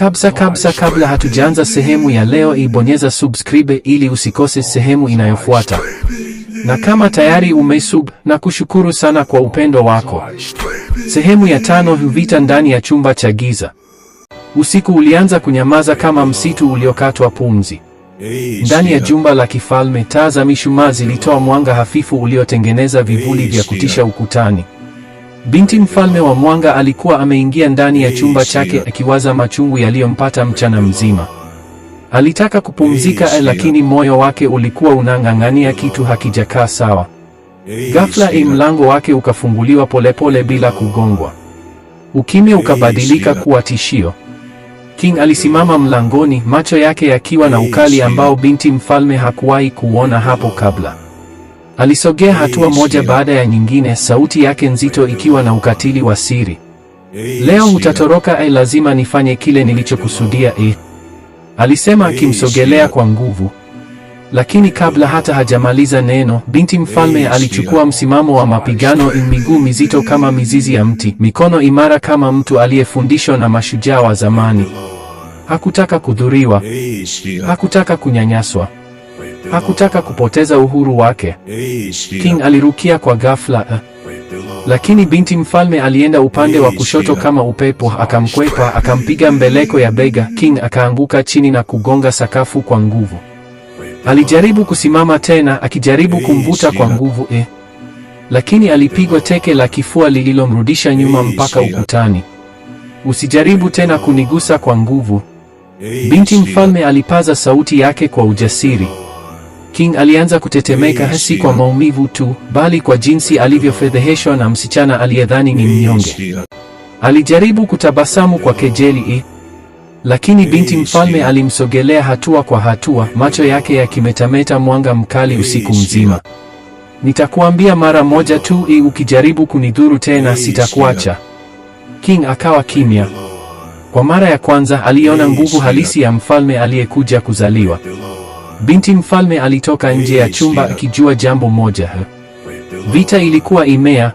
Kabsa kabsa, kabla hatujaanza sehemu ya leo, ibonyeza subscribe ili usikose sehemu inayofuata, na kama tayari umesub, na kushukuru sana kwa upendo wako. Sehemu ya tano: vita ndani ya chumba cha giza. Usiku ulianza kunyamaza kama msitu uliokatwa pumzi. Ndani ya jumba la kifalme, taa za mishumaa zilitoa mwanga hafifu uliotengeneza vivuli vya kutisha ukutani. Binti mfalme wa Mwanga alikuwa ameingia ndani ya chumba chake akiwaza machungu yaliyompata mchana mzima. Alitaka kupumzika, lakini moyo wake ulikuwa unang'ang'ania kitu hakijakaa sawa. Ghafla i mlango wake ukafunguliwa polepole bila kugongwa. Ukimya ukabadilika kuwa tishio. King alisimama mlangoni, macho yake yakiwa na ukali ambao binti mfalme hakuwahi kuona hapo kabla. Alisogea hatua moja baada ya nyingine, sauti yake nzito ikiwa na ukatili wa siri. Leo utatoroka, ai, eh, lazima nifanye kile nilichokusudia, eh, alisema akimsogelea kwa nguvu. Lakini kabla hata hajamaliza neno, binti mfalme alichukua msimamo wa mapigano, miguu mizito kama mizizi ya mti, mikono imara kama mtu aliyefundishwa na mashujaa wa zamani. Hakutaka kudhuriwa, hakutaka kunyanyaswa. Hakutaka kupoteza uhuru wake. King alirukia kwa ghafla, eh. lakini binti mfalme alienda upande wa kushoto kama upepo, akamkwepa, akampiga mbeleko ya bega. King akaanguka chini na kugonga sakafu kwa nguvu. Alijaribu kusimama tena, akijaribu kumvuta kwa nguvu eh, lakini alipigwa teke la kifua lililomrudisha nyuma mpaka ukutani. Usijaribu tena kunigusa kwa nguvu, binti mfalme alipaza sauti yake kwa ujasiri. King alianza kutetemeka, si kwa maumivu tu, bali kwa jinsi alivyofedheheshwa na msichana aliyedhani ni mnyonge. Alijaribu kutabasamu kwa kejeli, lakini binti mfalme alimsogelea hatua kwa hatua, macho yake yakimetameta mwanga mkali usiku mzima. Nitakuambia mara moja tu, ukijaribu kunidhuru tena sitakuacha. King akawa kimya. Kwa mara ya kwanza aliona nguvu halisi ya mfalme aliyekuja kuzaliwa. Binti mfalme alitoka nje ya chumba akijua jambo moja: vita ilikuwa imea